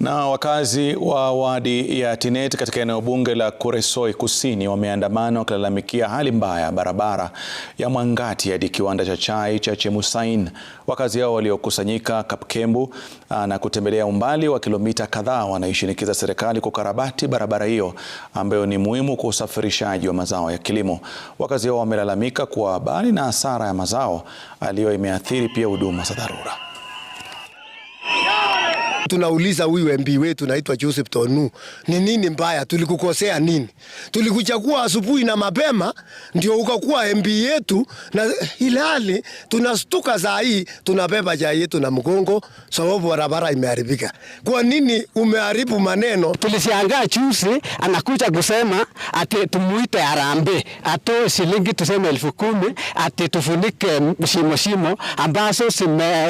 Na wakazi wa wadi ya tinet katika eneo bunge la Kuresoi Kusini wameandamana wakilalamikia hali mbaya ya barabara ya Mwangati hadi kiwanda cha chai cha Chemusain. Wakazi hao waliokusanyika Kapkembu ah, na kutembelea umbali wa kilomita kadhaa wanaishinikiza serikali kukarabati barabara hiyo ambayo ni muhimu kwa usafirishaji wa mazao ya kilimo. Wakazi hao wamelalamika kuwa bali na hasara ya mazao, aliyo imeathiri pia huduma za dharura tunauliza huyu MP wetu naitwa Joseph Tonu, ni nini mbaya? Tulikukosea nini? Tulikuchagua asubuhi na mapema ndio ukakuwa MP yetu, na ilali tunastuka saa hii tunabeba chai yetu na mgongo sababu barabara imeharibika. Kwa nini umeharibu maneno? Tulishangaa chusi anakuja kusema ati tumuite arambe atoe shilingi tuseme elfu kumi ati tufunike shimo shimo ambazo zime